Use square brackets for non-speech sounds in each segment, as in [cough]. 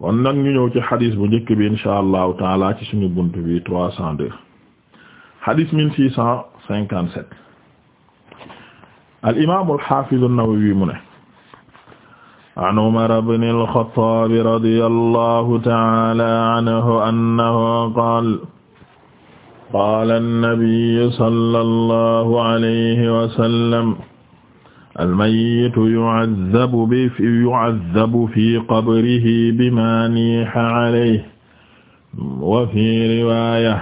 kon nag ñu ñëw ci xadis bu njëkk bi insha allahu taala ci suñu bunt bi trois cent deux xadis mille six cent cinquante sept al imaamu alxafizu an-Nawawi mu ne an Umar ibn al-Khattab radiyallahu taala anhu annahu qaala qaala an-nabiyyu sallallahu alayhi wa sallam almayyitu yu'azzabu bi yu'azzabu fi qabrihi bimaa niiha alayhi wa fi riwaaya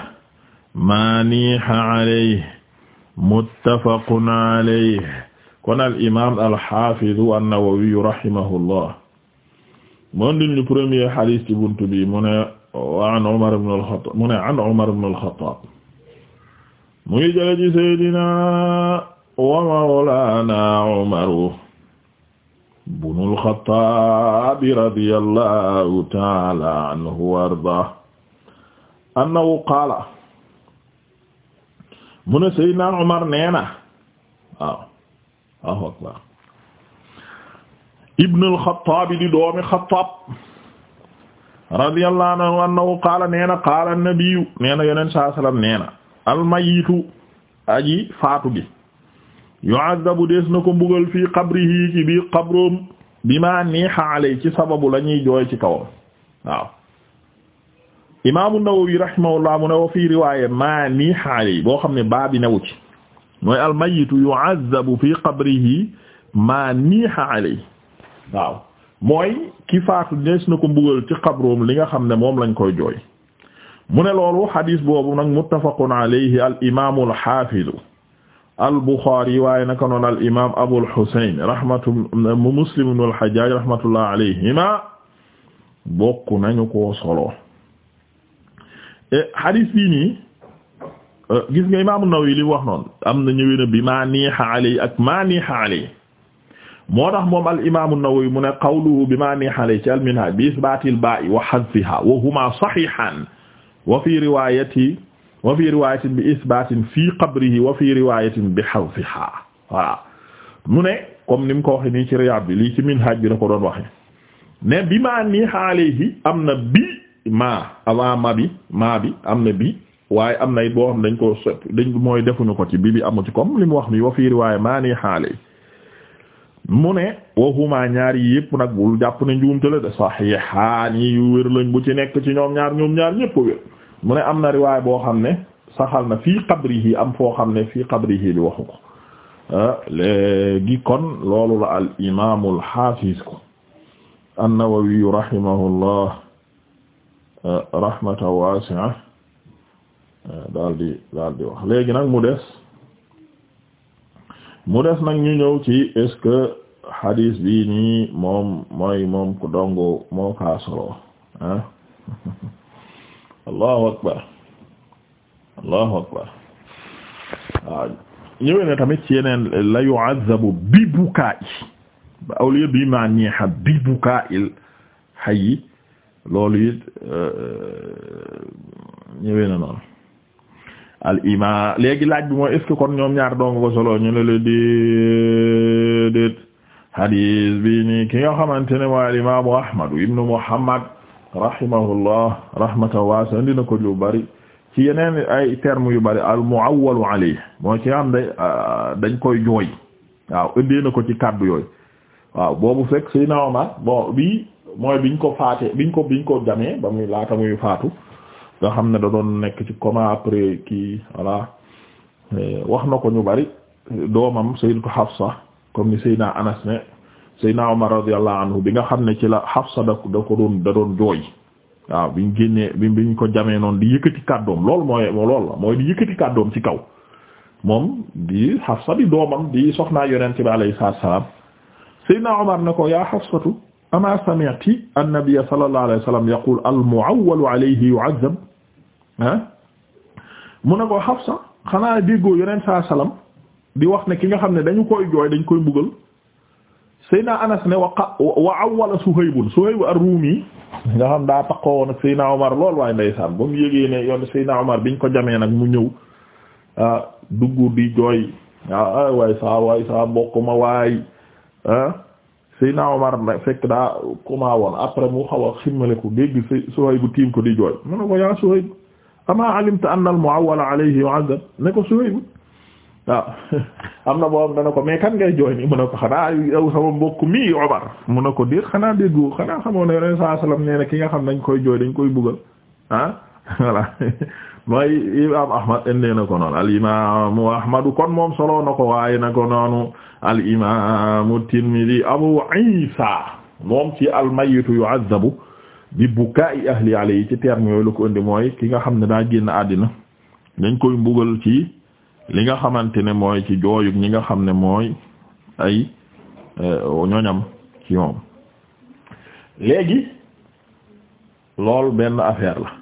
maa niiha alayhi muttafaqun alayhi kon al imaam al haafidu an-nawawiyu rahimahullah moom diñu premier hadiis ci buntu bi mu ne an Umar ibn al-Khattaab mu ne an Umar ibn al-Khattaab muy jële ci Seydina wa mawlaana Umaru bunul Xattaabi radiyallahu ta'ala anhu wa ardaa annahu qaala mu ne Seydina Umar neena waaw waaw akbar ibnul Xattaabi di doomi Xattaab radiyallahu anhu annahu qaala neena qaala an-nabiyyu neena yonent saa salaam neena al-mayyitu aji faatu gi yu'azzabu dees na ko mbugal fii qabrihi ci biir qabroom bima niha alay ci sababu la ñuy jooy ci kawam waaw imaamu Nawawi rahimahullah mu ne wa fii riwaaya ma niha alay boo xam ne baa bi newu ci mooy almayitu yu'azzabu fii qabrihi ma niha alay waaw mooy ki faatu dees na ko mbugal ci qabroom li nga xam ne moom lañ koy jooy mu ne loolu xadiis boobu nag muttafaqun alayhi al imaamu al xaafidu al-Bukhari waaye naka noonu al imaam Abul Husayn rahmatu Muslim ibn al-Hajjaj rahmatullah alayhima bokk nañu koo solo e, hadith bii nii e, gis nga imaam An-Nawawi li wax noonu am na ñëwee na bi maa niixa alay ak maa niixa alay moo tax moom al imaam An-Nawawi mu ne qawluhu bi maa niixa alay ci al-Minhaj bi isbaatil baa'i wa hadfiha wa huma sahihan wa fi riwaayati wa fi riwaayatin bi isbaatin fii qabrihi wa fi riwaayatin bi xaw hadfiha voilà mu ne comme ni mu ko waxee nii ci Riyaad bi lii ci Minhaaj bi la ko doon waxee ne bi maa nii alayhi am na bi maa avant ma bi maa bi am na bi waaye am na it boo xam dañ koo sopp dañ mooy defuñu ko ci bi bi amu ci comme li mu wax nii wa fi riwaaya maa nii mu ne waxumaa ñaar yi yëpp nag bul jàpp ne njuumte la de saxiixaani yu wér lañ bu ci nekk ci ñoom ñaar ñoom ñaar ñëpp wér mu ne am na riwaay boo xam ne saxal na fii qabrihi am foo xam ne fii qabrihi bi waxu ko ah, léegi kon loolu la al imaamu al xaafiz ko an-Nawawi rahimahullah ah, rahmatan waasi'a ah, daal di léegi nag mu des mu des nag ñu ñëw ci est-ce que xadiis bi nii moom mooy moom ku dong moo kaa solo [laughs] allahu akbar allahu akbar ah, waaw na tamit ci yeneen la yu'azzabu bi bukaa i ba awliya bi ma ñeexa bi bukaa il hayy loolu it euh, euh, ñëwee na noonu al ima léegi laaj bi mooy est-ce kon ñoom ñaar dong solo ñu ne la déedéet hadis bi nii ki nga xamante ne mooy al imaamu ahmadu ibnu muhammad rahimahullah rahmatan waasi'a dina ko lu bari ci yeneen ay termes yu bari al mu'awwalu alayhi ci am day dañ koy jooy waaw indee na ko ci kàddu yooyu waaw boobu fekk Seydina Omar bon bii mooy biñ ko faatee biñ ko biñ ko jamee ba muy laata muy faatu nga xam ne da doon nekk ci coma après kii voilà eh, wax na ko ñu bari doomam Sayyidatu Hafsa comme ni Seydina Anas ne Seydina Omar radiyallahu anhu bi nga xam ne ci la Hafsa da ko da ko doon da doon jooy waaw biñ génnee bi biñ ko jamee noonu di yëkkati kàddoom loolu mooy lool la mooy di yëkkati kàddoom ci kaw moom di Hafsa di doomam di soxnaa yonente bi sa salaam Seydina Omar ne ko yaa Hafsatu ama sami'ti an-nabiyya sallallahu alayhi wa sallam yaqul al-mu'awwalu alayhi yu'azzab ah mu ne ko Hafsa xanaa déggoo yonent saa salaam di wax ne ki nga xam ne dañu koy jooy dañ koy mbugal Seyna Anas ne wa wa awwala Suhayb Suhayb ar-Rumi nga xam daa taxawoon nag Seyna Omar lool waaye ndeysaan ba mu yëgee ne yoon Seyna Omar biñ ko jamee nag mu ñëw ah dugg di jooy saa waay saa mbokk ma waay ah Seyna fekk daa kuma woon après mu xaw a ximmale ko dégg Suhayb tiim ko di jooy mu ne ko yaa Suhayb amaa alimta anna al-mu'awwala alayhi yu'azzab ne ko Suhayb waaw [laughs] am na boobu dana ko mais kan ngay jooy nii mu ne ko xanaa yow sama mbokk mii Omar mu ne ko diir xanaa déggu xanaa xamoo ne yoneen saa salaam nee na ki nga xam dañ koy jooy dañ koy buggal ah? [laughs] [laughs] mooy imam na ko noonu al imamu ahmadu kon moom solo na ko waaye na ko noonu al imamu tirmidi abu isa moom ci al mayitu yu'azzabu bi buka'i ahli alayhi ci terme yooyu la ko indi mooy ki nga xam ne daa génn àddina dañ koy mbugal ci li nga xamante ne mooy ci jooyug ñi nga xam ne mooy ay eh, ñoñam ci moom léegi lool benn affaire la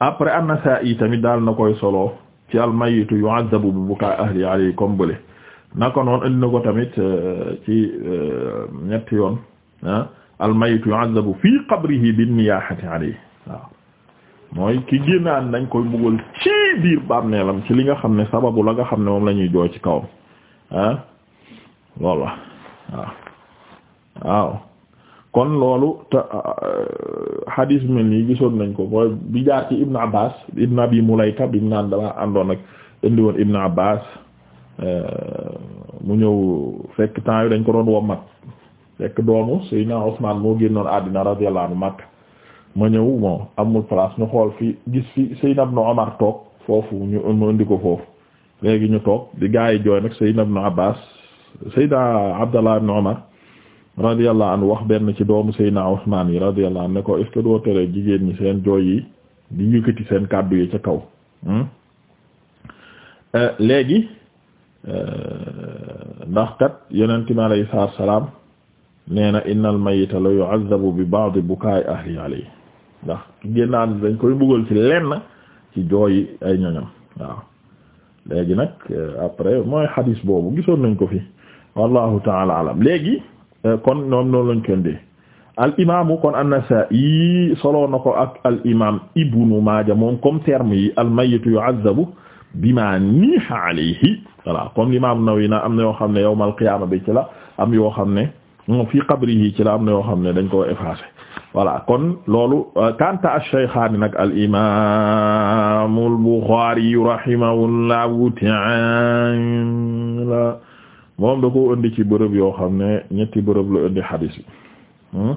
après an-Nasa'i tamit daal na koy solo ci al-mayyitu yu'azzabu bi bukaa ahli alayhi comme bële naka noon indi ko tamit eh, ci eh, ñetti yoon ah al-mayyitu yu'azzabu qabrihi bin-niyaahati alayhi mooy ki génnaan dañ koy mbugal biir bàmmeelam ci li nga xam ne sababu la nga xam ne moom la ñuy jooy ci kawam ah loolu la waaw kon loolu te hadis mel nii gisoon nañ ko mooy bi jaar ci Ibn Abbas Ibn Abi Mulayka bi mu naan damaa àndoon ak indiwoon woon Ibn Abbas euh, mu ñëw fekk temps yi dañ ko doon wommat fekk doomu Seydina Ousmane moo génnoon àddina radiyallahu anhu Makka ma ñëw bon amul place ñu xool fi gis fi Seydina Ibn Omar toog foofu ñu mu indi ko foofu léegi ñu toog di gaa yi jooy nag Seydina Ibn Abbas Seydina Abdallah ibn Umar radiyallahu anhu wax benn ci doomu Seydina Usmaan yi radiyallahu anhu ne ko est doo tere jigéen ñi seen jooy yi di yëkkati seen kàddu yi ca kaw hmm? euh, léegi euh, ndax kat yonent mi alayhi salaatu salaam nee na innal mayyita la yu'azzabu bi ba'di bukaa'i ahli alayhi ndax ki génn dañ koy mbugal ci lenn ci jooy ay ñoñam waaw léegi nag euh, après mooy xadiis boobu gisoon nañ ko fi wallahu taala alam léegi euh, kon ñoom noonu lañ koy al imaamu kon an-Nasaa'i soloo na ko ak al imaam Ibnu Maaja moom comme terme yi al mayyitu yu'azzabu bimaa niha alayhi voilà comme l'imam Nawawi na am na yoo xam ne yawmal qiyaama bi ci la am yoo xam ne moom fii qabrihi ci la am na yoo xam ne dañ koo effacé voilà kon loolu euh, kanta ash-shaykhaani nag al imaam al Buxaari rahimahullahu ta'aala moom da ko indi ci bërëb yoo xam ne ñetti bërëb la indi hadis bi hmm?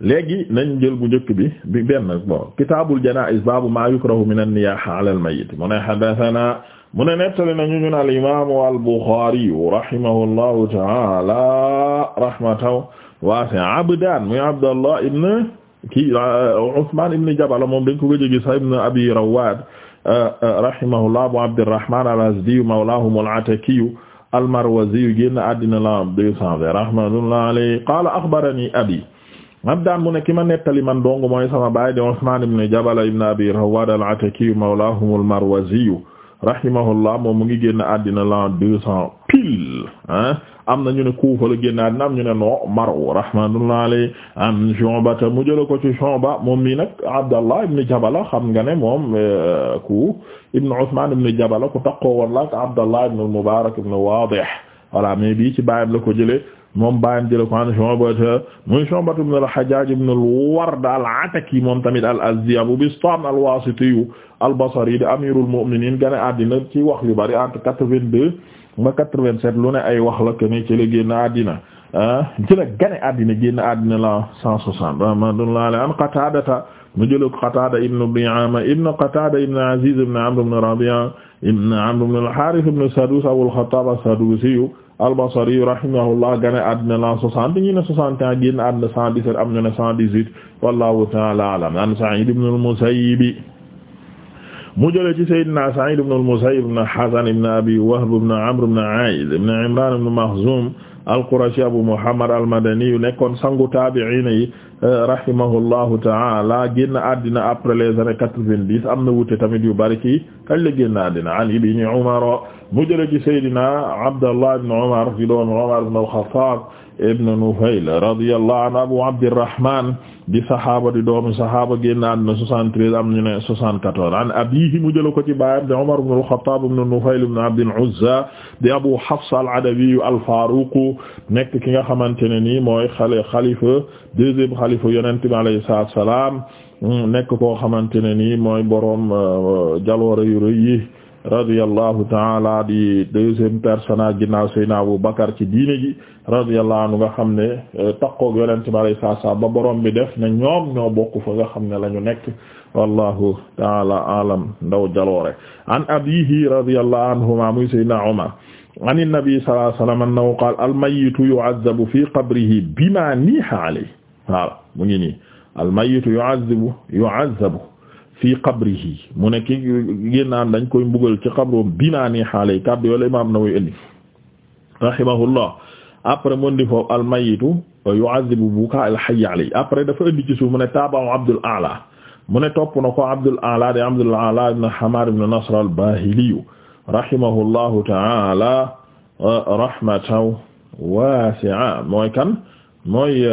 léegi nañ jël bu njëkk bi bi benn bon kitaabul janaa'iz baabu maa yukrahu min an-niyaaha ala al-mayyit mu ne haddathana mu ne nettali nañu ñun al-imaamu al-Buxaari rahimahullahu ta'aala rahmatan waasi'a Abdaan muy Abdallah ibn kii uh, Usmaan ibn Jabala moom dañ ko gëj a gis ibn Abi Rawwaad uh, uh, rahimahullah Abu Abdirrahmaan al-Azdi mawlaahum al-Ataki al-Marwazi génn àddina la 220 rahmatullahi alayhi qaala axbaranii abii man daan mu ki ma nettali man dong mooy sama baay di Usmaan ibn Jabal ibn Abi Rawwaad al-Ataki mawlaahum al-Marwazi rahimahullah moom mu ngi génn àddina l'an deux cent am na ñu ne Kuufa la génn àddina am ñu ne no Marw rahmatullah alayhi an Shu'ba mu jëla ko ci Shu'ba moom mi nag Abdallah ibn xam nga ne moom euh, ku ibn Usmaan ibn Jabala ku taqoo woon Abdallah ibn al-Mubaarak Waadih voilà mais bii ci la ko jëlee moom bàyyam jële ko an Shu'ba muy Shu'ba al-Hajjaj ibn al moom tamit al-Azdi Abu Bistam al-Wasiti al-Basri di amirul mu'minin gane àddina ci wax yu bari entre quatre deux ba quatre-vingt-sept lu ne ay wax la kenn ci la génn àddina ah, ci la gane àddina génn àddina la cent soixante mu jële ko Qatada ibn Bi'ama ibn Qatada Aziz ibn Amr ibn Rabi'a ibn Amr ibn al-Harith ibn Sadus Abu al-Khattab as-Sadusi al-Basri rahimahullah gane àddina la soixante ñu ne soixante ans génn àddina cent dix-sept am ñu ne cent dix-huit wallahu ta'ala a'lam an Sa'id ibn al-Musayyib mu jëlee ci Seydina Sa'id ibn al-Musayyib ibn Hazn ibn Abi Wahb ibn Amr ibn A'id ibn Imran ibn Makhzum al-Qurashi Abu Muhammad al-Madani yu nekkoon sangu taabi'iin yi eh, rahimahullahu ta'ala génn àddina après les années quatre-vingt-dix am na wuute tamit yu bari ci kañ la génn àddina an Ibn Umar mu jëlee ci Seydina Abdallah ibn Umar fi doon Umar ibn al-Khattab ibn Nufayl radiyallahu anhu Abu Abdirrahman di saxaaba di doomi saxaaba génn àddina 73 am ñu ne 74 an abiihi mu jël ko ci baayam di Umar ibn al-Khattab ibn Nufayl ibn Abd al-Uzza di Abu Hafs al-Adawi al-Faruq nekk ki nga xamante ne nii mooy xale xalifa deuxième xalifa Yonent bi alayhi salaatu wa salaam nekk koo xamante ne nii mooy boroom euh, jaloore yu rëy yi radiyallahu taala di deuxième personnage ginnaaw Seydina Abu Bakar ci diine ji radiyallahu anhu nga xam ne euh, takkoog yonente bi alayhi salaatu salaam ba borom bi def na ñoom ñoo bokk fa nga xam ne la ñu nekk wallahu taala alam ndaw jaloore an abihi radiyallahu anhuma muy Seydina Umar an nabi sallallahu alayhi wa sallam annahu qaala al-mayyitu yu'azzabu fi qabrihi bima niha alayhi waaw mu ngi nii al-mayyitu yu'azzabu yu'azzabu fii qabrihi mu ne ki génnaan dañ koy mbugal ci xabroom binaa ni xaalay kàddu yooyu la imaam Nawawi indi rahimahullah après mu indi foofu almayitu yu'adhibu bukaa alhayy alay après dafa indi ci suuf mu ne taaba'u Abdul A'la mu ne topp na ko Abdul A'la de Abdul A'la ibn Hamar ibn Nasr al-Bahili rahimahullahu ta'ala rahmatan wasi'a mooy kan mooy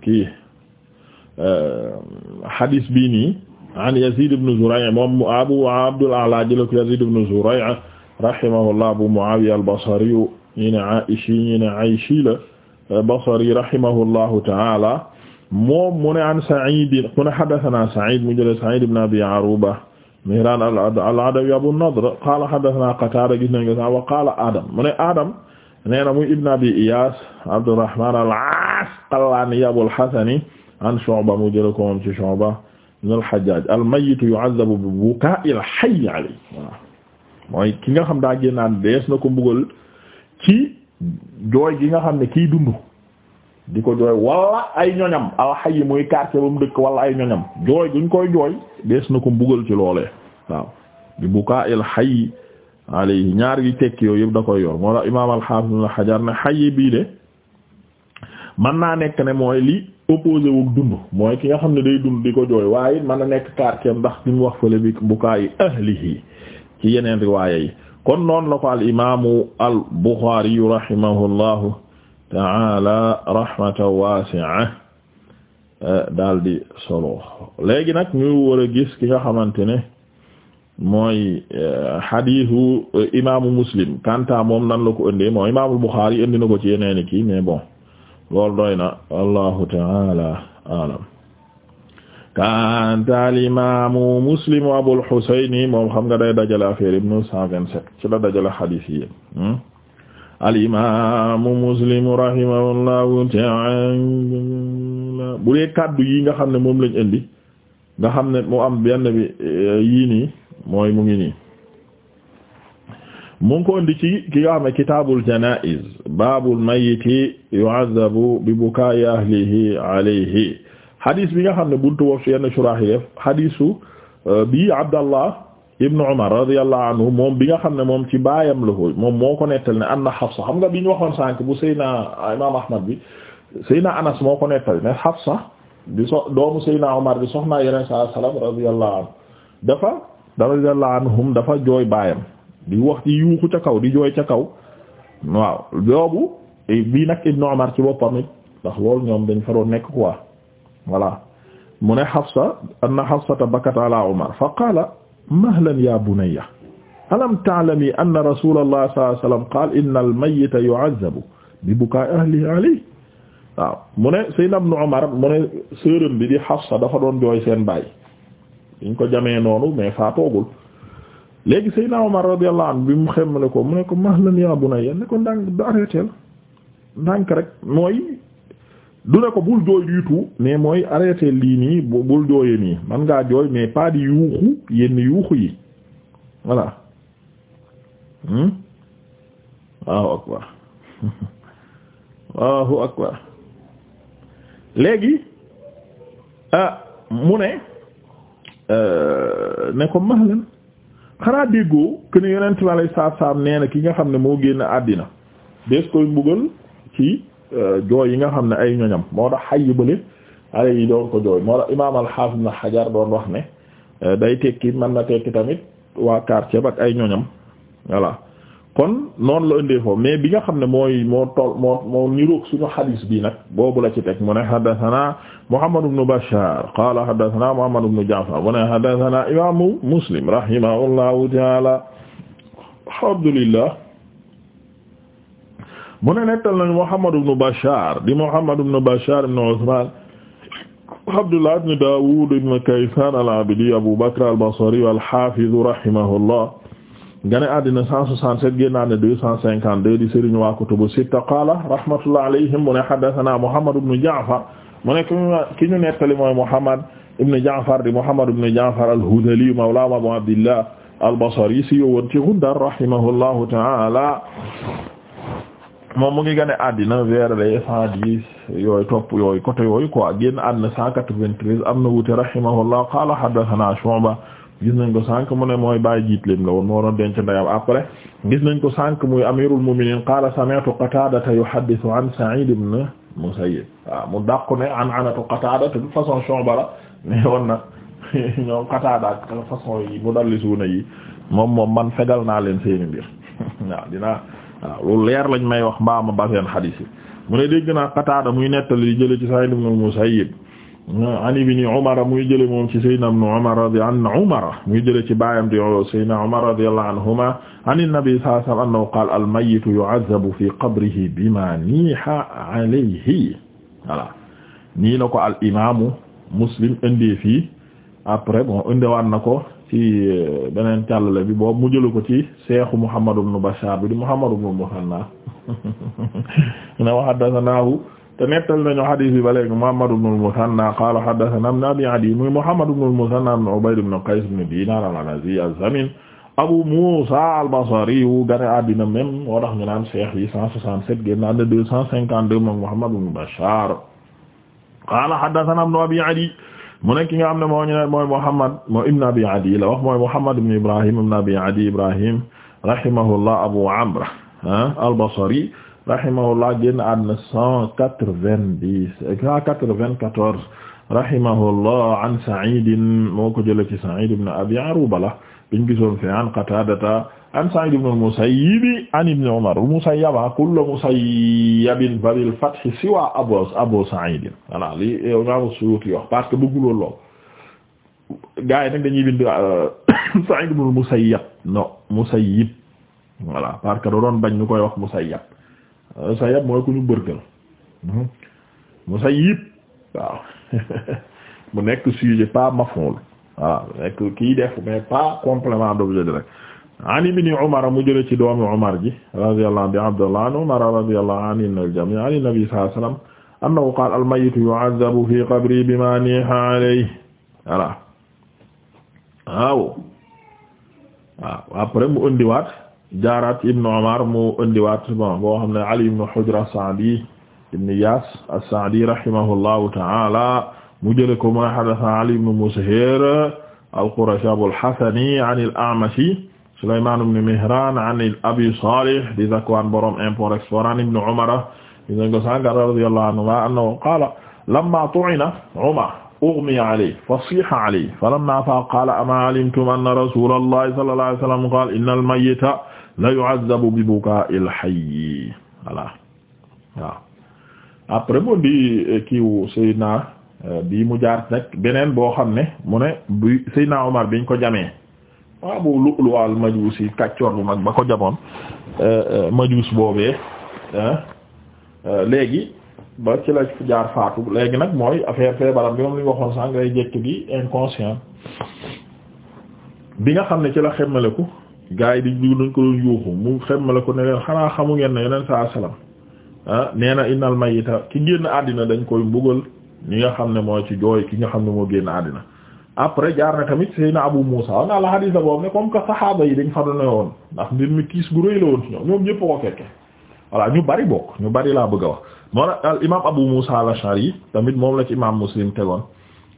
kii Euh, hadis bii nii an Yazid ibn Zuray' moom Abu Abdul A'la jëla ko Yazid ibn Zuray' rahimahullah Abu Muawiya al-Basri ñi ne Aishi ñi ne Aishi la euh, Basri rahimahullahu ta'ala moom mu ne an Sa'id mu ne haddathana Sa'id mu jële Sa'id ibn Abi Aruba Mihran al-Adawi Abu Nadr qala haddathana Qatada gis nañ ko wa qala Adam mu ne Adam nee na muy ibn Abi Iyas Abdurrahman al-Asqalani Abul Hasani an Shu'ba mu jëla ko moom ci Shu'ba min al-Hajjaj al-mayyit yu'adhabu bi buka'i al-hayy alayhi mooy ki nga xam daa génnaan dees na ko mbugal ci jooy gi nga xam ne kii dund di ko jooy wala ay ñoñam al-hayy muy quartier ba mu dëkk wala ay ñoñam jooy guñ koy jooy dees na ko mbugal ci loolee waaw bi buka'i al ñaar yi tekki yooyu yëpp da koy yor moo la imaam al-Hafiz Ibn ne hayy bii de mën naa nekk ne mooy li opposé wu dund mooy ki nga xam ne day dund di ko jooy waaye man a nekk quartier ndax bi mu wax fële bi bukaayi ahlihi ci yeneen riwaaya yi kon noonu la ko al imaamu al Buxaari rahimahullahu taala rahmatan wasi'a eh, daal di solo léegi nag ñu war gis ki nga xamante ne mooy xadiisu eh, eh, imaamu Muslim kanta moom nan la ko ëndee mooy imaamul Buxaari indi na ko ci yeneen ki mais bon loolu doy na allahu taala alam kanta al imamu muslimu abul moom xam nga day dajale affaire yi neuf cent vingt-sept ci la dajale hadith yi al imamu muslimu rahimahullahu taala yi nga xam ne moom lañ indi nga xam ne mu am benn eh, mooy mu ngi ni mu ko indi ci ki nga xam ne kitaabul janaa'iz baabul mayyiti yu'azzabu bi bukaa'i ahlihi alayhi hadis bi nga xam ne buntu woof si yenn euh, bi Abdallah ibnu Umar radiyallahu anhu moom nga xam ne moom ci baayam la moom moo ko nekk ne anna Hafsa xam nga bi ñu waxoon sànk bu Seyna euh, Imaam Ahmad bi Seyna Anas moo ko nekk nettal ne Hafsa di so doomu Seyna Umar di soxnaa yeneen saa salaam radiyallahu anhu dafa radiyallahu anhum di wax ci yuuxu ca kaw di jooy ca kaw waaw boobu bii nag Ibnu Umar ci boppam it ndax loolu ñoom dañ fa doon nekk quoi voilà mu ne Hafsa anna Hafsata bakat ala Umar fa qaala mahlan ya bunayya alam ta'lami anna rasulullah sallallahu alayhi wasallam qaala innal mayyita yu'azzabu waaw mu ne Seydina Ibnu Umar mu ne sërëm bi di Hafsa dafa doon jooy seen baay diñ ko jamee noonu mais faatoogul léegi Seydina Omar radiyallahu anhu bi mu xemmale ko mu ne ko mahlan ya bunayya ne ko ndànk du arrêté la rek mooy du ne ko bul jooy du tout mais mooy arrêté lii nii bul jooyee nii man ngaa jooy mais pas di yuuxu yenn yuuxu yi voilà waaw hmm? akbar waaw [laughs] akbar léegi ah mu ne euh, ne ko mahlan xanaa déggoo que ne yonent bi alayhi salaatu salaam nee na ki nga xam ne moo génn àddina dees koy mbugal ci euh, jooy yi nga xam ne ay ñoñam moo tax xay bële ale yi doon ko jooy moo tax imaam al na Hajar doon wax ne euh, day tekki man na tekki tamit waa quartier ba ak ay ñoñam voilà kon noonu la indee foofu mais bi nga xam ne mooy moo toll moo moo niroog suñu xadis bi nag boobu la ci teg mu ne haddathana Muhammad ibn Bashar qala haddathana Muhammad ibn Ja'far mu ne haddathana imamu Muslim rahimahullahu ta'ala alhamdulillah mu ne nettal nañ Muhammad ibn Bashar di Muhammad ibn Bashar ibn Uthman Abdullah ibn Dawud ibn Kaysan al-Abdi Abu Bakr al-Basri al-Hafiz rahimahullah gane àddina 167 génnaa ne 252 di sëriñ waa kutubu sitta qaala rahmatullah alayhim mu ne haddathana Muhammad ibn Ja'far mu ne ki ñu nettali mooy Muhammad ibn Ja'far di Muhammad ibn Ja'far al-Hudhali mawla Abu Abdillah al-Basri si yowoon ci Ghundar rahimahullahu ta'ala moom mu ngi gane àddina vers les 110 yooyu topp yooyu côté yooyu quoi génn àddina 193 am na wuute rahimahullah qaala haddathana Shu'ba gis nañ ko sànq mu ne mooy bàyyi jiitlim la woon moo doon denc ndeyam après gis nañ ko sànq muy amirul mu'minin qaala sami'tu qatadata yuhaddithu an sa'id ibn musayyib waaw mu dàq ne an anatu qatada de toute façon Shu'ba la ne woon na ñoom qatada ak façon yi mudallisuna yi moom moom man fegal naa leen seeni mbir waaw dinaa waaw loolu leer lañ may wax mbaama baseen xadiis yi mu ne dégg naa qatada muy nettali jële ci sa'id sa musayyib an ibni Umar muy jële moom ci sayyidina ibn Umar radiyallahu an Umar muy jële ci baayam di sayyidina Umar radiyallahu anhuma an an-nabi sallallahu alayhi wa sallam annahu qaala al-mayyitu yu'azzabu fi qabrihi bima niha alayhi voilà nii la ko al imaamu Muslim indee fii après bon indiwaat na ko ci euh, beneen càllale bi boobu mu jëlu ko ci seexu Muhammad ibn Bashar bi di Muhammad ibn Musanna [laughs] na wa haddathanahu te nettal nañu hadis bi ba léegi Muhammad ibn al-Muthanna qala haddathana ibn Abi Adi muy Muhammad ibn al-Muthanna ibn Ubayd ibn Qays ibn Dinar al-Anazi az-Zamin Abu Musa al-Basri wu gane àddina même moo tax ñu naan cheikh bi 167 génn na 252 moom Muhammad ibn Bashar qala haddathana ibn Abi Adi mu nekk nga xam ne moo ñu ne mooy Muhammad moo ibn Abi Adi la wax mooy Muhammad ibn Ibrahim ibn Abi Adi Ibrahim rahimahullah Abu Amr ah, al-Basri rahimahullah génn àdduna cent quatre-vingt-dix cent quatre-vingt-quatorze rahimahullah an Sa'id moo ko jëlee ci Sa'id ibn Abi Aruba la biñ gisoon fi an Qatadata an Sa'id ibn al-Musayyib an ibn Umar musayyaba kullu musayyabin fa bil fath siwa Abu Abu Sa'id voilà li Imam Suyuti wax parce que bëggul lool gaa yi nag dañuy bind euh, [coughs] Sa'id ibn al-Musayyib non Musayyib voilà parce que da doon bañ ñu koy wax Musayyib Musayyab mooy ku ñu bërgël Musayyib hmm? waaw [laughs] mu nekk sujet pas maf'ul voilà nekk kii def mais pas complément d'objet direct an ibni Umar mu jële ci doomi Umar ji radiyallahu anhu bi Abdullah an Umar radiyallahu anil jami' an nabi sallallahu alayhi wasallam annahu qala al mayyitu yu'azzabu fi qabri bima niha alayhi voilà waaw waaw après mu ëndiwaat jaaraat ibn Umar mu indiwaat bon boo xam ne Ali ibn Hujra Saadi ibn Iyas as-Saadi rahimahullahu ta'ala mu jële ko mu haddatha Ali ibn Mushir al-Qurashi Abul Hasani an al-A'mash Sulaymaan ibn Mihraan an Abi Salih di Zakwaan borom import export an ibn Umar dingo sanga radiyallahu anhuma annahu qaala lamma tu'ina Umar ughmiya alayhi fasiha alayhi falamma afaqa qaala amaa alimtum anna rasuulallahi sallallahu alayhi wa sallam qaala innal mayyita la yu'azzabu bi bukaa'il hayy voilà waaw après mu di eh, kiiw Seydina eh, bi mu jaar nag beneen boo xam ne mu ne bi Seydina Omar biñ ko jamee waaw bu Lu'lu al majuusi kàccoor bu mag ba ko jamoon eh, majuus boobee léegi ba ci la jaar faatu léegi nag mooy affaire feebaram bi moom li ñu waxoon sànq lay jekk bi inconscient bi nga xam ne ci la xemmeleku gars yi di dañ ko doon yuuxu mu xemma la ko ne leen xanaa xamu ngeen ne yeneen saa salaam ah nee na innal mayita ki génn àddina dañ koy mbugal ñi nga xam ne moo ci jooy ki nga xam ne moo génn àddina après jaar na tamit Seydina Abu Muusa wax naa la xadiis la boobu ne comme que saxaaba yi dañ fa doon woon ndax mbir mi kiis gu rëy la woon ci ñoom ñoom ñëpp ko fekke voilà ñu bari bokk ñu bari laa bëgg a wax moo al imaam Abu la al yi tamit moom la ci imaam Muslim tegoon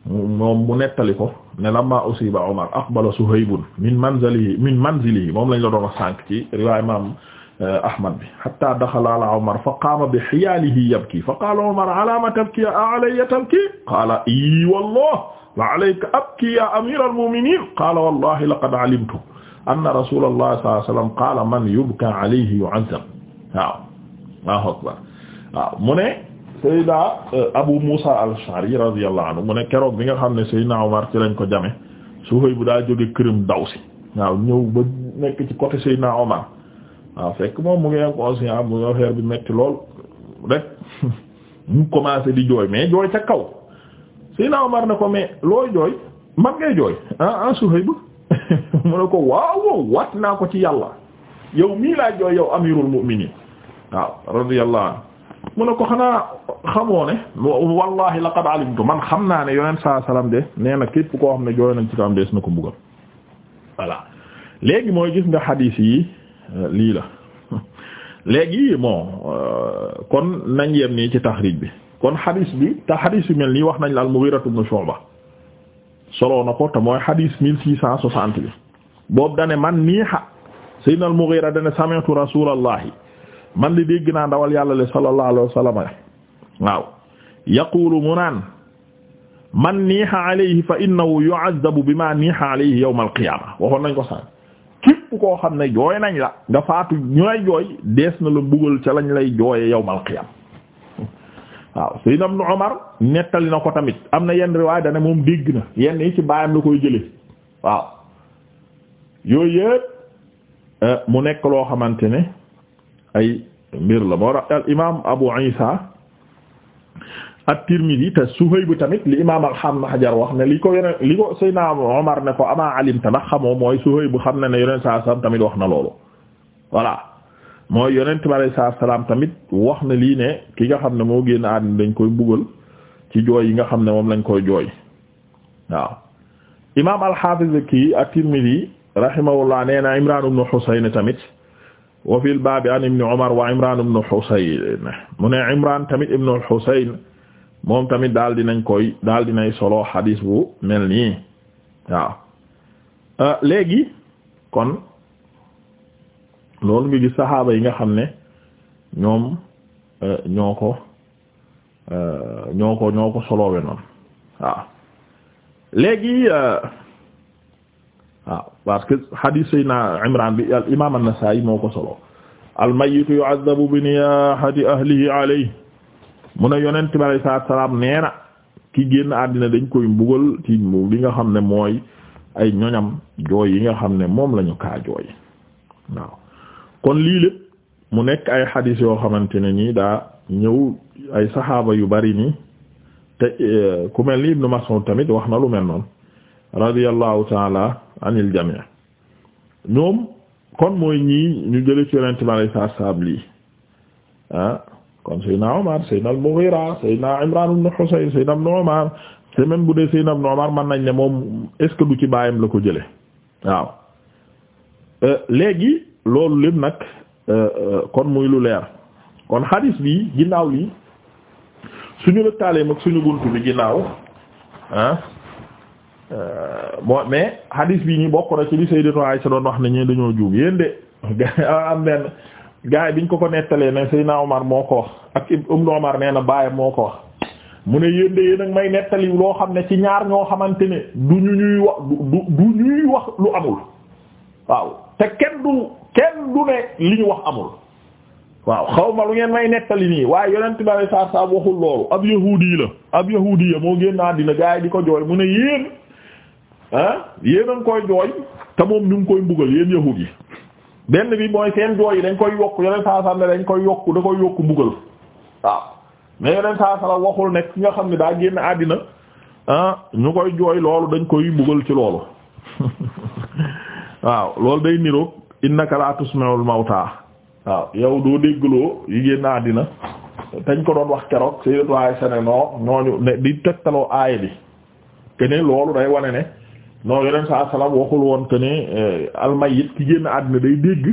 moom mu nettali ko ne lamma usiba Umar aqbala Suhaybun min manzilihi min manzilihi moom lañ la doon a sànq ci riwaaya imam euh, Ahmad bi hatta daxala ala Umar fa qaama bi hiyaalihi yabki fa qaala Umar ala ma tabki a alayya tabki qaala i wallah wa alayka abki ya amira almuminin qaala wallahi laqad alimtu anna rasulullah sallallahu alayhi wasallam qaala man yubka alayhi yu'azzab waaw waaw mu ne Seydina euh, Abu Musa al-Ash'ari radiyallahu anhu mu ne keroog bi nga xam ne Seydina Omar ci lañ ko jame Suhayb bu daa jóge këram daw si waaw ñëw ba côté Seydina Omar waaw fekk moom mu ngi inconscient mu lool [laughs] commencé di jooy mais jooy ca kaw Seydina Omar ne ko mais looy jooy man ngay jooy ah, ah [laughs] ko ci yàlla yow mii laa yow amirul mu'minin waaw radiyallahu anhu mu ne ko xanaa xamoo ne wallahi laqad alimtu man xam naa ne yonent saa salaam de nee na képp koo xam ne jooy nañ ci ko am dees na ko mbugal voilà léegi mooy gis nga xadiis yi lii la [laughs] léegi bon euh, kon nañ yem nii ci taxriij bi kon xadiis bi te xadiis yu mel nii wax nañ la al-Mughiratu ibn Shu'ba soloo na ko te mooy xadiis mille six cent soixante bi boobu dane man nii xa sayyidina al-Mughira dane sami'tu rasulallahi man li dégg naa ndawal yàlla le sallallahu alayhi wa sallam waaw yaqulu mu naan man niiha alayhi fa innahu yu'azzabu bima niiha alayhi yawm al-qiyaama waxoon nañ ko sànq képp koo xam ne jooy nañ la nga faatu ñu lay jooy dees na la mbugal ca lañ lay jooye yawm al-qiyaama waaw Sayyidina Ibn Umar nettali na ko tamit am na yenn riwaay dane moom dégg na yenn yi ci baayam la koy jële waaw yooyu yëpp eh, mu nekk loo xamante ne ay mbir la moo tax al imaam Abu Isa at-Tirmidhi te Suhayb tamit li imaam al-Hafiz Hajar wax ne li ko yeneen li ne ko ama alim te xamoo mooy Suhayb xam na ne yonent saa salaam tamit wax na loolu voilà mooy yonent bi alayhi salaam tamit ki nga xam ne moo génn àddina dañ koy buggal ci jooy yi nga xam ne moom lañ koy jooy waaw imaam al-Hafiz at-Tirmidhi rahimahullah nee na Imran ibn Husayn tamit. wa fil baabi an ibni Umar wa Imraan ibnu Husayn mu ne Imraan tamit ibnu Husayn moom tamit daal dinañ koy daal dinay solo xadiis bu mel ni waaw euh, léegi kon loolu nga gis saxaaba yi nga xam ne ñoom euh, euh, ñoo ko ñoo ko ñoo ko waaw léegi parce que hadith sayna Imran bi al imam an-Nasa'i moo ko solo al mayyitu yu'adhabu bi niyahati ahlihi alayhi mu ne yonent bi alayhi salaam nee ki génn àddina dañ koy mbugal ci li nga xam ne mooy ay ñoñam jooy yi nga xam ne moom lañu ñu kaa jooy waaw kon lii lépp mu nekk ay hadith yoo xamante ne nii daa ñëw ay saxaaba yu bari nii te eh, ku mel ni Ibnu Mas'ud tamit wax na lu mel noonu radiyallahu taala anil jamii ñoom kon mooy ñii ñu jële ci yonent bi alayhi salaatu salaam lii ah, kon Seydina Omar Seydina al-Mughira Seydina Imran ibn Husayn Seydina ibn Omar te même bu dee Seydina ibn Omar mën nañ ne moom est-ce du ci baayam la ko jële waaw euh, léegi loolu lépp nag euh, euh, kon muy lu leer kon hadis bi ginnaaw lii suñu lëkkaaleem ak suñu bunt bi ginnaaw ah, moo euh, mais hadith bi ñu bokk na ci li Sayyidatu Aisha doon wax ne ñi dañoo juub yéen de am benn gars yi biñ ko ko nettalee ne Seydina Omar moo ko wax ak Ibnu Omar nee na baayam moo ko wax mu ne yéen de yéen ak may nettali loo xam ne ci ñaar ñoo xamante ne du ñu ñuy wax du du ñuy wax lu amul waaw te kenn du kenn du ne li ñu wax amul waaw xaw ma lu ngeen may nettali nii waaye yonent bale saar saab waxul loolu ab yahuudi la ab yahuudi ya moo génn àddina gars yi di ko jooy mu ne ah yéen a ngi koy jooy te moom ñu ngi koy mbugal yéen yahud yi benn bi mooy seen jooy yi dañ koy yokk yeneen saa sala dañ koy yokk da koy yokk mbugal waaw mais yeneen saa sala waxul nekk ki nga xam ne daa génn àddina ah ñu koy jooy loolu dañ koy mbugal ci loolu [laughs] waaw loolu day niroog innaka la tusma'ul mawta waaw yow doo déggloo yi génn àddina dañ ko doon wax keroog si waaye sene noo ñooñu ne di tegtaloo aaya bi kene loolu day wane ne non yeneen saa salaam waxul woon que ne euh, almayit ki génn àddina day dégg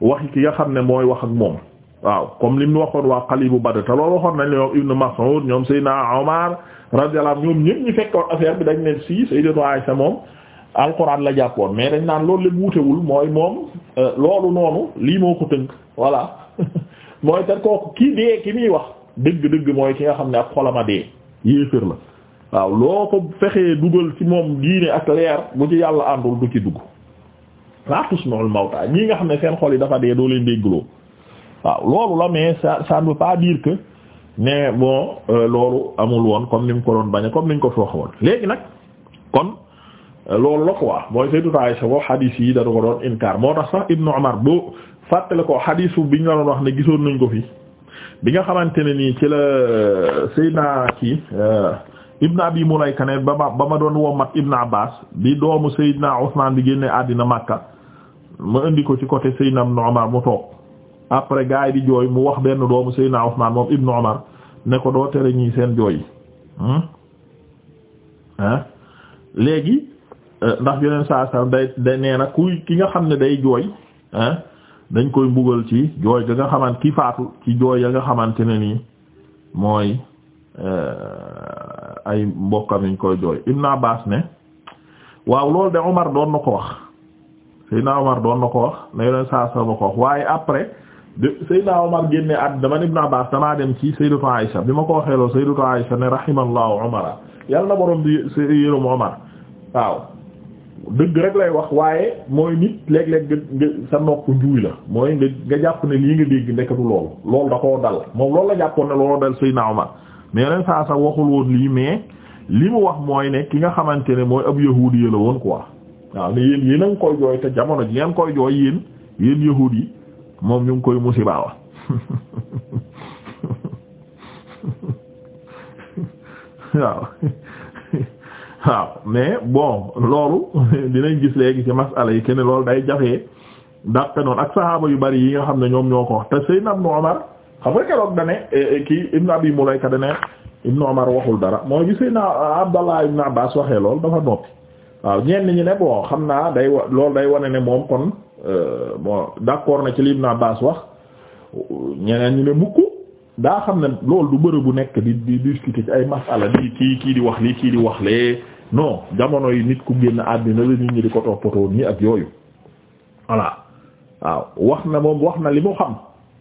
waxi ki nga xam ne mooy wax ak moom waaw comme li mu waxoon waa qalibu Badr te loolu waxoon nañ la ñoom Ibn Mas'ud ñoom Seydina Omar radiyallahu anhum ñu fekkoon affaire bi dañ ne si Sayyidatu Aisha moom alquran la jàppoon mais dañ naan lool lépp wuutewul mooy moom euh, loolu noonu lii moo ko tënk voilà [laughs] mooy te kooku ki dee ki muy wax dégg dëgg mooy ki nga xam ne ak xolama dee yéefër la. waaw loo ko fexee dugal ci moom diine ak leer bu ci yàlla àndul du ci dugg laa tusmaul mawta ñii nga xam ne seen xol yi dafa dee doo leen déggloo waaw loolu la mais sa ça ne veut pas dire que ne bon euh, loolu amul woon comme ni mu ko doon bañe comme ni ñu ko fooxe woon léegi nag kon euh, loolu la quoi mooy Sayyidatu Aisha boo xadiis yi da ko doon inkaar moo tax sax Ibnu Umar boo fàttale ko xadiisu bi ñu la doon wax ne gisoon nañ ko fi bi nga xamante ne nii ci la euh, kii Ibn Abi Mulayka ne ba ma ba ma doon wommat Ibn Abbas bi doomu Seydina Usman bi génne àddina Makka ma indi ko ci côté Seydina Ibn Umar mu toog après gars di jooy mu wax benn doomu Seydina Usman moom Ibn Umar ne ko doo tere ñii seen jooy ah léegi euh, ndax yeneen saa saa day day nee na ki nga xam ne day jooy dañ koy mbugal ci jooy ga nga xamante ki faatu ci jooy ya nga xamante ne nii mooy. Euh, ay mbokkam yiñ koy jooy Ibn Abbas ne waaw loolu de Omar doon na ko wax Seydina Omar doon na ko wax na yoneen saa ko wax waaye après de Seydina Omar génne at dama ne Ibn Abbas damaa dem ci Sayyidatu bi ma ko waxee loolu Sayyidatu yàlla na bi yërëm Omar waaw dëgg rek lay wax waaye mooy nit léeg-léeg nga sa nopp njuuy la mooy nga nga jàpp ne lii nga dégg nekkatu loolu loolu da koo dal moom loolu la jàppoon ne looloo dal Seydina Omar mais yeneen saa sa waxul woon lii mais li mu wax mooy ne ki nga xamante ne mooy ab yahuudi la woon quoi waaw ne yéen yéen a ngi koy jooy te jamono ji ngeen koy jooy yéen yéen yahuudi yi moom ñu ngi koy musibaawa [laughs] waaw [laughs] waaw mais bon loolu [laughs] dinañ gis léegi ci masala yi kenn lool day jafee dàq noonu ak saxaaba yu bari yi nga xam ne ñoom ñoo ko wax te Seydina Ibn Umar xam nga keroog dane eh, eh, kii Ibn Abi Mulayka dane Ibn Umar waxul dara mooy gisee naa Abdallah Ibn Abbas waxee lool dafa noppi waaw ñenn ñi ne bon xam naa day wa loolu day wane ne moom kon eh, bon d'accord na ci li Ibn Abbas wax ñeneen ñi ne mukk daa xam ne lool du bërëb bu nekk di di discuter ci ay masala di kii kii di wax lii kii di wax lee non jamono yi nit ku génn àddina la nit ñi di ko toppatoo nii ak yooyu voilà waaw wax na moom wax na li mu xam.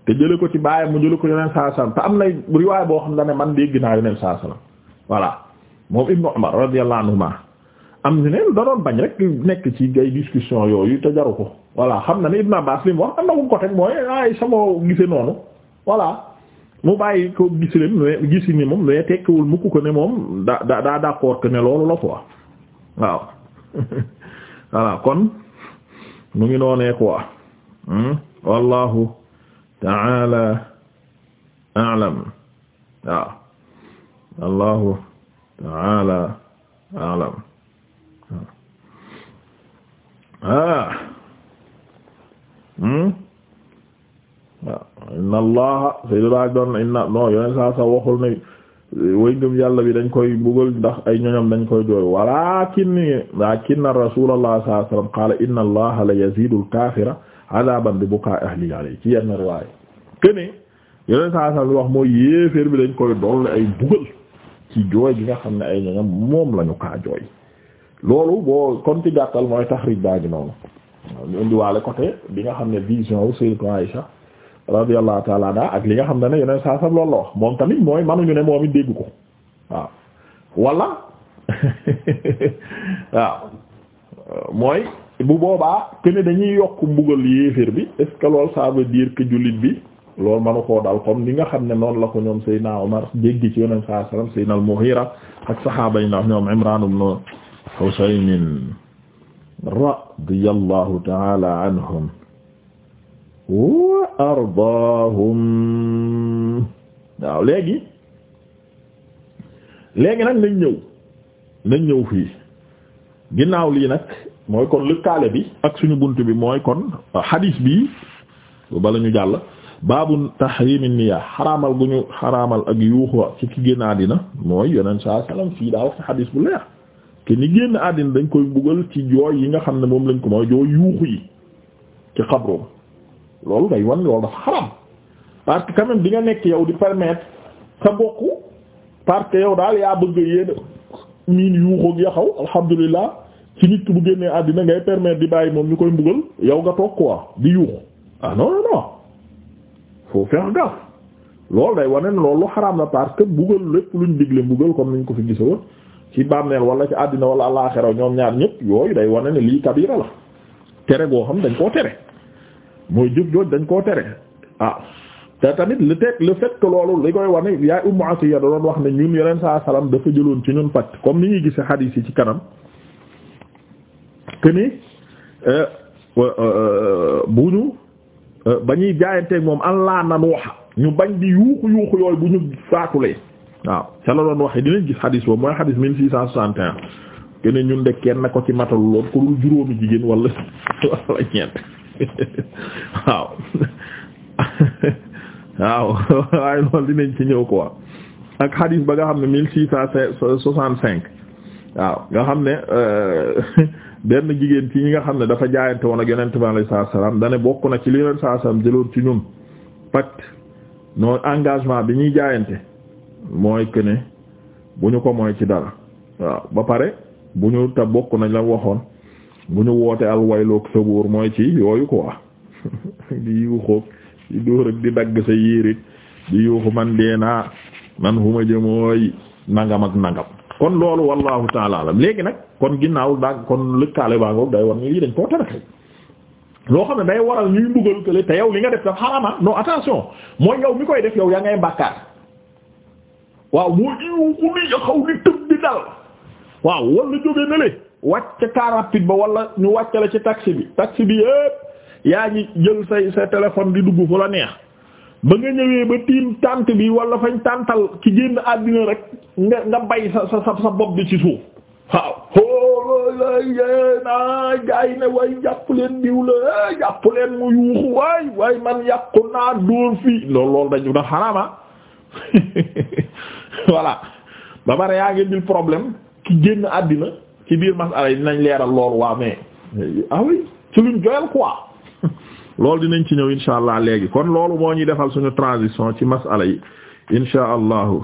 te jële ko ci baayam mu jële ko yoneen saa am na boo xam ne man dégg naa saa sallam voilà moom ibnu da doon bañ rek nekk ci gay discussion yooyu te jaru ko voilà xam na ne na ku ko teg mooy ay sama gise noonu voilà bàyyi ko gis leen mais moom mais tekkiwul ko ne moom da loolu la quoi waaw [laughs] voilà kon mu ngi noonee quoi hmm? wallahu ta'ala a'lam waaw allahu ta'ala a'lam ah hmm waaw inna allaha say dolaaj doon inna non yoneen saa sa waxul ne way ngëm yàlla bi dañ koy bugal ndax ay ñoñom dañ koy jooy walakin walakin rasulullah sallallahu alayhi wasallam qala inna allaha la yazidu al-kafira azaban bi bukaa ahli alay ci yenn riwaay kene yeneen saa saa wax mooy yéeféer bi dañ koy doll ay bugal ci jooy gi nga xam ne ay ñoñam moom lañu kaa jooy loolu boo kon ci gàttal mooy taxrij baa gi noonu ñu indiwaale côté bi nga xam ne vision wu sayyidatu Aïsha radiyallahu ta'ala anha ak li nga xam ne yeneen saa saa loolu la wax moom tamit mooy manuñu ne moom it dégg ko waaw wala [laughs] waaw mooy bu boobaa kene dañuy yokk mbugal yéeféer bi est ce que loolu ça veut dire que jullit bi dal comme li nga xam ne noonu la ko ñoom Seydina Omar jéggi ci yoneen saa sallam Seydina al-Mughira ak saxaaba yi ndax ñoom wa ardaahum waaw léegi léegi nag nañ ñëw nañ ñëw fii ginnaaw lii nag mooy kon lëkkaale bi ak suñu bunt bi mooy kon hadis bi bala ñu jàll baabu tahrimi niyaa xaraamal gu ñu xaraamal ak yuuxu ci ki génn àddina mooy yeneen saa salaam fii daa wax bu leer ke génn àddina dañ koy bugal ci jooy yi nga xam ne moom lañ ko mooy jooy yuuxu yi ci xabroom loolu day wan loolu dafa xaraam parce que di nga nekk yow di permettre sa bokk parce que yow daal yaa bëgg yéen miin yuuxu ak yaxaw alhamdulillah ci nit ki bu génnee àddina ngay permettre di bàyyi moom ñu koy mbugal yow nga toog quoi di yuuxu ah non non non faut faire gaffe loolu day wane ne loolu lu xaraam la parce que mbugal lépp luñ digle mbugal comme niñ ko fi gisoo ci bàmmeel wala ci àddina wala àllaaxira ñoom ñaar ñëpp yooyu day wane ne lii kabira la tere goo xam dañ koo tere mooy jëf jooj dañ koo tere ah te tamit le teg le fait que loolu li koy wane yaay Ummu Atiya da doon wax yeneen saa salaam dafa jëloon ci ñun pacte comme ni ñuy gisee xadiis yi ci kanam. que ni euh, euh, euh, bu ñu ba ñuy jaayanteeg moom allah na nuuxa ñu bañ di yuuxu yuuxu yooyu bu ñu faatulee waaw ca la doon waxee dinañ gis xadis boobu mooy xadis mille six cent soixante et un ñun de kenn ko ci matal lool ku dul juróomi jigéen wala [laughs] [laughs] waaw [laughs] waaye loolu dinañ ci ñëw quoi ak xadis ba nga xam ne mille six cent soixante cinq waaw nga xam ne. benn jigéen ci ñi nga xam ne dafa jaayante woon ak yonent bi alayhi salaatu salaam dane bokk na ci li yonent salaatu salaam jëloon ci ñun pacte noo engagement bi ñuy jaayante mooy que ne bu ñu ko mooy ci dara waaw ba pare bu ñu te bokk nañ la waxoon bu ñu woote al wayloog sabuur mooy ci yooyu quoi [laughs] di yuuxu di dóor ak di dagg sa yiirit di yuuxu man dee naa man huma jëmooy nangam ak nangam kon loolu wallahu taala alam léegi nag kon ginnaaw daa kon lëkkaale baa ngoog day war ni lii dañ koo tere kay loo xam ne day waral ñuy mbugal kële te yow li nga def sa xarama ah. non attention mooy yow mi koy def yow yaa ngay mbàkkaar waaw moo iw ku ni xaw ni tëb di dal waaw wala jóge na le wàcc car rapide ba wala ñu wàcc la ci taxi bi taxi bi yépp yaa ngi jël say sa téléphone di dugg fu la neex ba nga ñëwee ba tiim tànt bi wala fañ tàntal ci génn àddina rek nga nga bay sa sa sa bopp bi ci suuf waaw xoolal yéen ah gars yi jàpp leen diw la jàpp leen mu yuuxu waay waay man yàqu naa dóor fii loolu loolu dañu na xaraama voilà ba pare yaa ngi dil problème ki génn àddina ki biir masala yi dinañ leeral loolu waa mais ah ci luñ joyal quoi. loolu dinañ ci ñëw insha allah léegi kon loolu moo ñuy defal suñu transition ci masala yi insha allahu